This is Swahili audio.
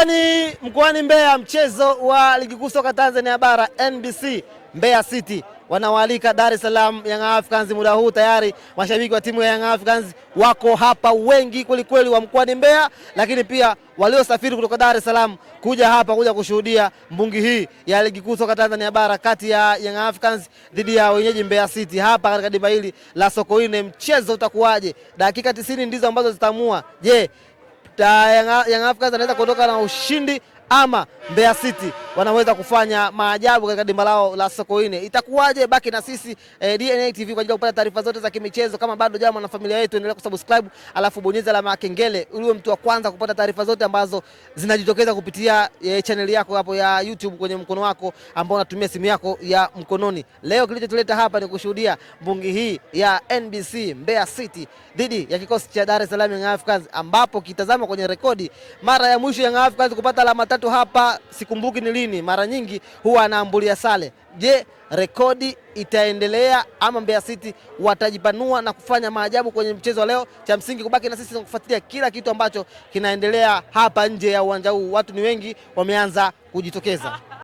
Hapa ni mkoani Mbeya, mchezo wa ligi kuu soka Tanzania bara NBC Mbeya City wanawaalika Dar es Salaam Young Africans. Muda huu tayari mashabiki wa timu ya Young Africans wako hapa wengi kwelikweli, wa mkoani Mbeya, lakini pia waliosafiri kutoka Dar es Salaam kuja hapa kuja kushuhudia mbungi hii ya ligi kuu soka Tanzania bara kati ya Young Africans dhidi ya wenyeji Mbeya City hapa katika dimba hili la Sokoine. Mchezo utakuwaje? Dakika tisini ndizo ambazo zitaamua je Young Africans anaweza kuondoka na ushindi ama Mbeya City wanaweza kufanya maajabu katika dimba lao la Sokoine. Itakuwaje? Baki na sisi eh, DNA TV kwa ajili ya kupata taarifa zote za kimichezo. Kama bado jamaa na familia yetu, endelea kusubscribe, alafu bonyeza alama ya kengele, uliwe mtu wa kwanza kupata taarifa zote ambazo zinajitokeza kupitia eh, channel yako hapo ya YouTube kwenye mkono wako ambao unatumia simu yako ya mkononi. Leo kilichotuleta hapa ni kushuhudia mbungi hii ya NBC Mbeya City dhidi ya kikosi cha Dar es Salaam Young Africans, ambapo kitazama kwenye rekodi, mara ya mwisho Young Africans kupata alama tatu hapa sikumbuki nili ugenini mara nyingi huwa anaambulia sale. Je, rekodi itaendelea ama Mbeya City watajipanua na kufanya maajabu kwenye mchezo wa leo? Cha msingi kubaki na sisi na kufuatilia kila kitu ambacho kinaendelea hapa nje ya uwanja huu. Watu ni wengi, wameanza kujitokeza.